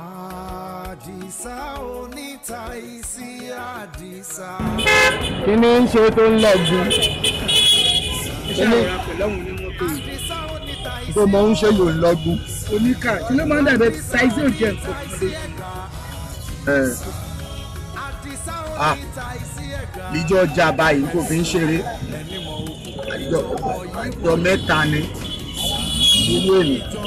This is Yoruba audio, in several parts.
àdìsá oníta ìsí àdìsá. kí ni ń ṣe tó ń lẹ́gbẹ̀ẹ́. iṣẹ́ àwọn apẹ̀lẹ́hùn ni wọ́n pè mọ ń ṣe lò ń lọ́gbọ́n. oníkà tí ló máa ń dàbẹ̀ ṣáìsì òjì ẹ̀kọ́ kan lé. Ah, níjọ́ ọjà báyìí kò fi ń ṣeré àjọ mẹ́ta ni owó ènìyàn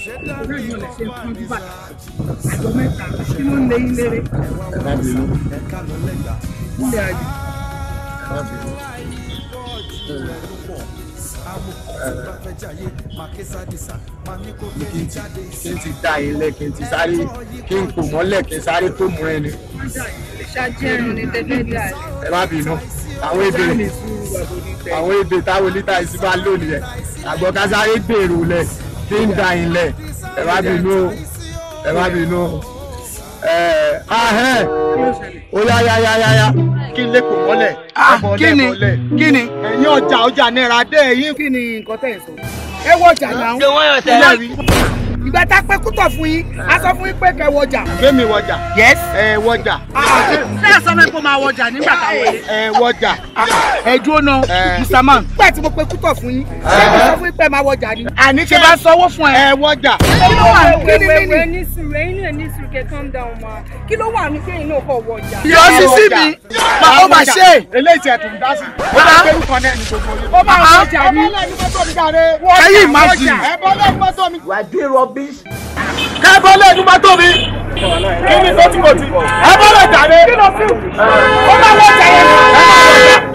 ọ̀rẹ́ ìyọlẹ̀ ṣe fún ọdún bàtà àjọ mẹ́ta kí ló ń lé yín léré. ẹ̀ka mi ló. ilé ayé. ẹ̀ka mi ló. kí n ti kí n ti da ilé kí n ti sáré kí n kò mọ́lẹ̀ kí n sáré tó mú ẹ ni. ṣáájú ẹ̀rùn ni tẹ́tẹ́ dà. ẹ má bínú àwọn èdè àwọn èdè táwọn oníta ìsúná lónìí ẹ àgbọ̀ ká sáré gbèrò lẹ̀ tí ń da ilẹ̀ ẹ má bínú ẹ má bínú ẹ ahẹ́ ó ya ya ya. yá yá kí n lè kò ah, mọ́lẹ̀ kí ni kí ni ẹ̀yin ọjà ọjà náírà dé ẹ̀yin kí ni nǹkan tẹ̀ ń sọ ẹ wọ ọjà náà ilé rí ìgbà tá a pé kútọ̀ fún yín a sọ fún yín pé kẹ wọjà. kémi wọjà. yes. ẹ wọjà. Ah, ah. ṣé ẹ sọ fún mi kó máa wọjà nígbà táwọn. ẹ wọjà. Ah, ẹ dúró ná mr man. nígbà tí mo pé kútọ̀ fún yín ṣé sọ fún yín pé máa wọjà ni. àní ṣe bá sanwó fún ẹ. ẹ wọjà. kí ló wà ní kíni mímì. wẹ́wẹ́ ní sùúrù ẹ̀yin náà ní sùúrù calm down ma kí ló wà ní kéyìn náà kọ wọjà. yọ sísí mi ó máa ṣe. eléyìí ti ẹ̀tùn dá sí. ó máa gbẹ́rù kan náà ní gbogbo yìí. ó máa wọjà ni. ẹ̀yin máa sì rubbish. kẹ́kọ̀ọ́ lẹ́nu má tóbi kí ni kòtìkòtì ẹ bá lọ jà ní. kí ló fi ó máa lọ jà yẹn.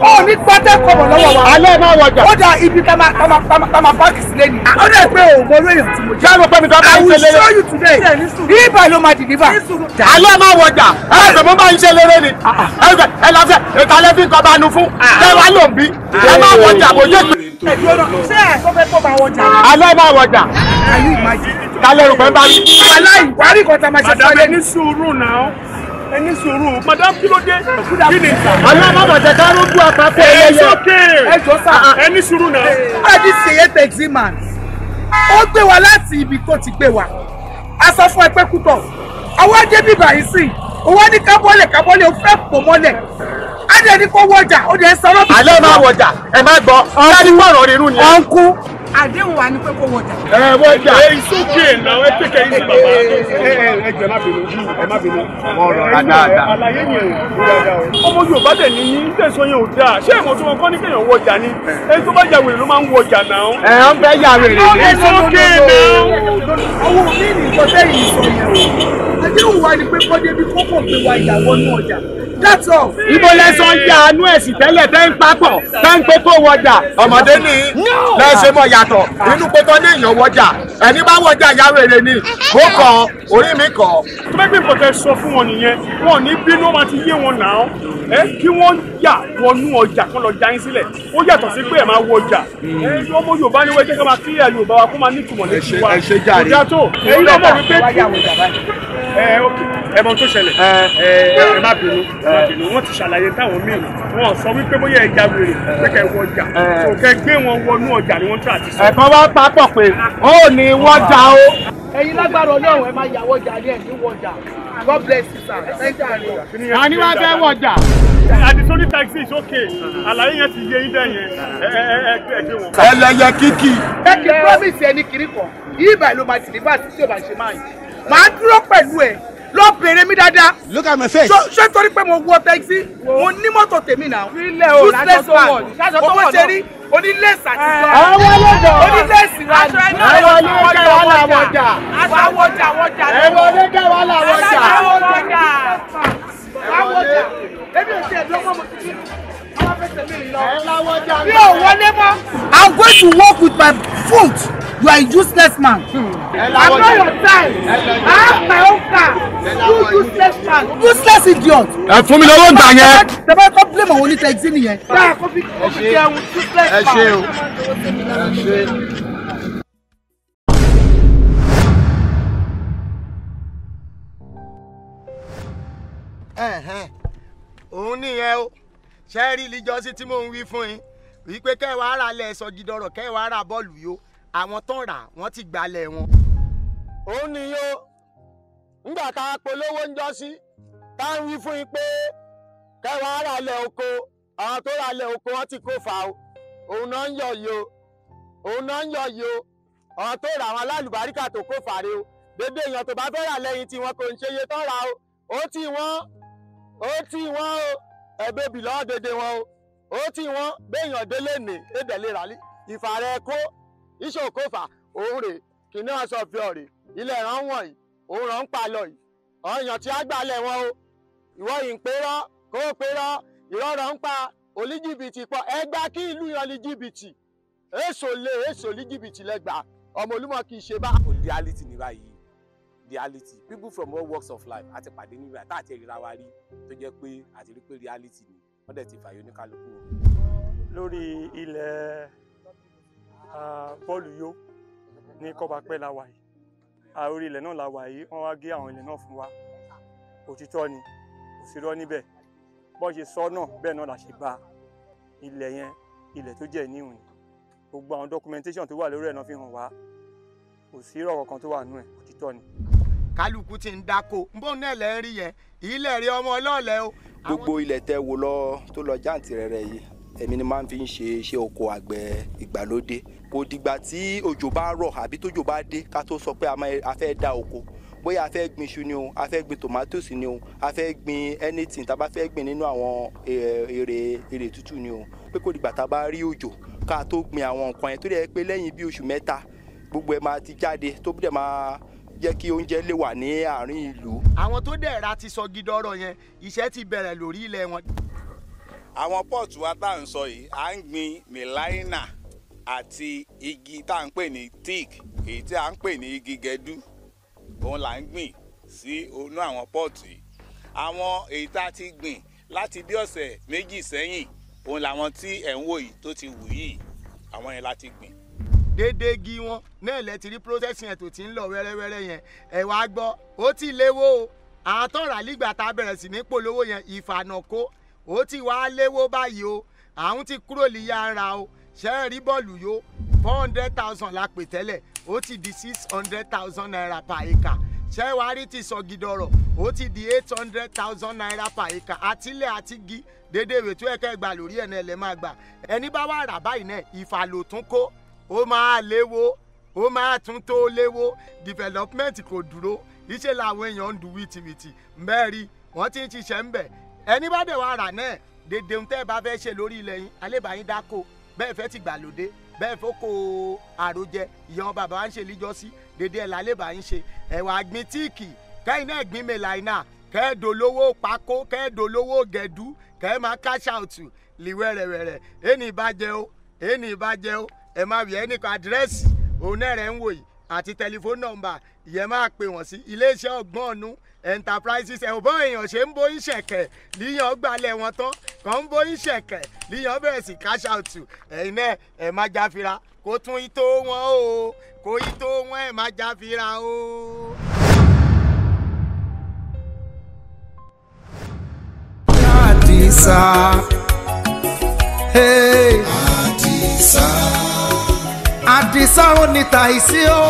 ó ní pátẹ́ kọ̀mọ̀ lọ́wọ́ wa. alẹ́ máa wọ jà. ó da ibi ká máa ká máa ká máa báàkì sílé ni. Ah, ó dẹ̀ pé òun mo lóyún tí mo jẹ́. jáwé pẹ́mi tó bá ń ṣe léré. I will show you today. bíbà ló máa dìlíbà. alẹ́ máa wọ jà. Ah. ẹ ẹ sọ̀rọ̀ bá ń ṣe léré ni. Ah, ẹ ẹ lọ fẹ́ ìtàlẹ́fín kọ́ bá nu fún. ẹ wá lòun bí. ẹ máa wọ jà bó yẹ kí ẹ̀dùn ọ̀nà ṣé ẹ̀ tó fẹ́ tó bá wọjà. alẹ́ bá wọjà. ayé ìmájì. kálẹ̀ rògbẹ́ bá rí. aláìwárí kan tá a máa ṣe fún ẹ ní sùúrù náà ẹni sùúrù madam kí ló dé kí ni nǹkan. alábàbà jẹjẹrẹ ló bú àpapọ̀ ẹyẹ yẹ ẹ jọ sà ah, ah. ẹni sùúrù náà. adi sèye taxi man ó gbé wa láti ibi tó ti gbé wa a sọ fún ẹ pé kútọ àwọn ajébíbà yìí sì òun á ní kábọ́lẹ̀ kábọ́lẹ̀ ó fẹ́ pò mọ́lẹ̀ dẹ̀ ní kó wọjà ó dẹ̀ sọ lọ́bì. alẹ́ máa wọjà ẹ má gbọ́ láti wọ̀rọ̀ rírun ni. ọ̀nkú àdéhùn wa ni pé kó wọjà. ẹ wọjà ẹ ìsókè náà ẹ tẹkẹ yìí bàbá. ẹ ẹ ẹ jẹ má bínú ẹ má bínú. wọn rọra dáadáa. àlàyé yẹn ò dáadáa o. ọmọ yorùbá dẹ̀ ní yín tẹ̀sán yẹn ò dáa ṣé ẹ̀wọ̀n tí wọ́n kọ́ ní kéèyàn wọjà ni ẹ tó bá jà wèrè ló máa ń wọjà náà. ẹ ọ ń bẹ yà wèrè. ìsókè náà. owó mi ní ìkọ́sẹ́ yìí sọ yẹn o ojú wa ni pé kọ́dé bí kókò gbé wa ìjà wọnú ọjà that's all. ibo lẹ́sàn ń ya àánú ẹ̀sìn tẹ́lẹ̀ tẹ́ ń papọ̀ tẹ́ ń pé wọjà. ọmọdé ni lẹ́sẹ̀ mọ̀ yàtọ̀ inú pé ní èèyàn wọjà ẹni bá wọjà ìyá rere ni ó kọ orí mi kọ. tó bẹ́ẹ̀ bí nǹkan sọ fún wọn nìyẹn wọn ní bínú máa ti yé wọn náà ẹ kí wọ́n yà wọnú ọjà kán lọ já yín sílẹ̀ ó yàtọ̀ sí pé ẹ̀ máa wọjà hmm. ẹ ọmọ Yorùbá ni wọ́n jẹ́ ká máa máa nítumọ̀ ẹ eh, ok ẹ mọ tó ṣẹlẹ̀ ẹ eh. eh, ẹ má bínú ẹ má bínú wọ́n ti ṣàlàyé táwọn mìíràn wọ́n sọ wípé bóyá ẹ jáwèrè kẹkẹ wọ ọjà tó kẹ gbé wọn wọnú ọjà ni wọ́n tún àti sọ. ẹ̀kan wá pápọ̀ pé ó ní wọ́n já o. ẹ̀yin lágbára Ọlọ́run ẹ máa yàwọ ọjà ní ẹ ní wọjà God bless you sir ẹ ṣe àná. àní wá fẹ́ wọjà àdìsóní taxi is okay àlàyé yẹn ti yé yín dẹ yẹn ẹ ẹ gbé wọn. ẹlẹyẹ kìkì. ẹ kì í promise ẹni kiri kan yìí báyìí ló máa àti màá dúró pẹ̀lú ẹ̀ lọ bèrè mi dáadáa. look at my face. ṣé torí pé mo wọ tẹ́kisí mo ní mọ́tò tèmi náà. ilé o lásán tó wọ̀ lásán tó wọ̀ náà onílẹ̀sì àti sọ. àwọn ọlọ́dọ̀ onílẹ̀sì wa ni. àwọn ọlọ́dọ̀ wa là wọjà. aṣọ wọjà wọjà. ẹ̀rọ ọlọ́dọ̀ wa là wọjà. aṣọ wọjà. wọjà. ò tiẹ̀ dọ́gbọ́n mo ti bí. ẹ̀rọ wọjà. mi ò wọlé mọ́. I'm going to walk with my foot. You are a useless man. Hmm. I'm not your time. I have my own car. You useless man. Useless idiot. Ẹ fún mi lọ́wọ́ ìgbà yẹn. Tẹ̀bá kọ́ blame àwọn onítẹ̀gí nìyẹn. Báyà kó fi kó fi jẹun useless man. Ẹ ṣe o. Ẹ ṣe. òun nìyẹn o ṣe é rí ìlíjọ́sí tí mò ń wí fún yín wípé kẹwàá ara lẹ̀ sọ gidọ̀rọ̀ kẹwàá ara bọ́ọ̀lù yìí o àwọn tó ń rà wọ́n ti gbalẹ̀ wọn. òun nìyó ńgbà tá a polówó ń jọ sí tá a ń wí fún yín pé kẹwàá ara lẹ oko àwọn tó ra lẹ oko wọn ti kó fa o òun náà ń yọ yìí o òun náà ń yọ yìí o àwọn tó ra àwọn alálùbáríkà tó kó fàre o gbogbo èèyàn tó bá fẹ́ rà lẹ́yìn tí wọn kò ń ṣe iye tó ra o ó tì wọ́n ó tì wọ́n o ẹ̀bẹ̀ lọ́wọ́ dédé wọn o ó tì wọ́n béèyàn délé nì édèlè rálí ìfàrẹ́ kó iṣẹ́ òkófà òun rè kìnní aṣọ fi ọ̀rẹ́ ilẹ̀ ràn wọ̀nyí òun ràn ń palọ̀ yìí ọ̀yàn tí a gbà lẹ̀ wọn o ìwọ yìí ń pérọ́ kó o pérọ́ ìrọ̀rọ̀ ń pa olíjìbìtì pọ̀ ẹ gbá kí ìlú yan ní jìbìtì èso lé èso ní jìbìtì lẹ́gbàá ọmọ olúmọ kì í ṣe bá. reality ni báyìí reality people from all walks of life àti pàdé níbi àtà àti ìríra wa rí tó jẹ́ pé àti rí pé reality ni wọ́n dẹ̀ ti fàyè oníkálukú. lórí ilẹ̀ bọ́ọ̀lù yó ní kọ́bapẹ́ la wà yìí orí ilẹ̀ náà la wà yìí wọ́n wá gé àwọn ilẹ̀ náà fún wa òtítọ́ ni òsirọ́ níbẹ̀ bọ́n ṣe sọ náà bẹ́ẹ̀ náà la ṣe gba ilẹ̀ yẹn ilẹ̀ tó jẹ́ níhùn ni gbogbo àwọn documentation tó wà lórí ẹ̀ náà fi hàn wá òsirọ́ kankan tó wà nù ẹ̀ òtítọ́ ni. kálukú ti ń dáko bóun náà lẹ́ rí yẹn ilẹ̀ rí ọmọ ọlọ́ọ̀lẹ́ o. gbogbo ilẹ̀ tẹ́ wo lọ tó lọ jáǹtì rẹ̀ rẹ̀ yìí èmi ni máa ń fi ń ṣe iṣẹ́ oko àgbẹ̀ ìgbàlódé kò dìgbà tí òjò bá rọ̀ àbí tójò bá dé ká tó sọ pé a fẹ́ dá oko bóyá a fẹ́ gbin iṣu ni o a fẹ́ gbin tomatoes ni o a fẹ́ gbin anything tá a bá fẹ́ gbin nínú àwọn èrè e, èrè tútù ni o pé kò dìgbà tá a bá rí òjò ká tó gbin àwọn nǹkan yẹn tó dẹ̀ pé lẹ́yìn bí oṣù mẹ́ta gbogbo ẹ̀ máa ti jáde tó dẹ̀ máa jẹ́ kí oúnjẹ lè wà ní àárín ìlú. àwọn tó dẹ̀ ra ti sọ gidọ́rọ̀ yẹn iṣẹ́ ti bẹ̀rẹ̀ lórí ilẹ̀ wọn. àwọn pọ́ọ̀tù wa tá à ń sọ yìí à ń gbin mìláínà àti igi tá à ń pè ní teak èyí tí à ń pè ní igi gẹdú òun là ń gbìn sí inú àwọn pọ́ọ̀tì àwọn èyí tá a ti gbìn láti bí ọ̀sẹ̀ méjì sẹ́yìn òun làwọn tí ẹ̀ ń wò yìí tó ti wù yìí àwọn yẹn láti gbìn dédé gi wọn náà lẹ ti rí processing ẹ̀ tó ti ń lọ wẹ́rẹ́wẹ́rẹ́ yẹn ẹ̀ wá gbọ́ ó ti léwó o àtọ̀rà lígbà tá a bẹ̀rẹ̀ sí ní polówó yẹn ìfànà ó ti wá léwó báyìí o àwọn ti kúrò líyà o ṣe é rí bọ́ọ̀lù yó four hundred thousand la pè tẹ́lẹ̀ ó ti di six hundred thousand naira per acre ṣe é wá rí ti sọ̀gìdọ̀rọ̀ ó ti di eight hundred thousand naira per acre àtilẹ̀ àtigi dédé ìwé tó ẹ̀kẹ́ gbà lórí ẹ̀ náà lẹ́ máa gbà ẹni bá wà rà báyìí náà ìfàlò tún kó ó máa léwo ó máa tún tó léwo development kò dúró iṣẹ́ làwọn èèyàn ń du wìtìwìtì mẹ́rin wọ́n ti ń ṣiṣẹ́ ń bẹ̀ ẹni bá dẹ̀ wà rà náà dédé ń tẹ́ bá fẹ́ ṣe lórí ilẹ̀ yín alẹ́ bá yín dáko bẹ́ẹ̀ fẹ́ ti gbàlódé bẹ́ẹ̀ fọ́kọ àròjẹ ìyẹn bàbá wa ń ṣe líjọ́sí dédé ẹ̀ lálẹ́ bá ń ṣe ẹ̀wà àgbín tíìkì kẹ́yìn náà gbin mẹ́láìnà kẹ́ẹ̀dò lówó pákó kẹ́ẹ̀dò lówó gẹ̀dú kẹ́ẹ̀ máa cash out lìwẹ́rẹ̀wẹ̀rẹ̀ ẹni ìbàjẹ́ o ẹni ìbàjẹ́ o ẹ̀ máa wí ẹnìkan àdírẹ́sì òun náà rẹ̀ ń wò àti tẹlifóònù nọ́mbà ìyẹn máa pè wọ́n sí iléeṣẹ́ ọgbọ́n ọ̀nù enterprises ẹ̀ bọ́ èèyàn ṣe ń bóyún ṣẹ̀kẹ̀ líyàn gbalẹ̀ wọn tán kàn ń bóyún ṣẹ̀kẹ̀ líyàn bẹ̀rẹ̀ sí cash out ẹ̀yin náà ẹ̀ má jáfira kó tún itó wọn o kó ito wọn ẹ̀ má jáfira o. Àdìsá. Hey. Àdìsá àdìsá ò ní tàìsí o.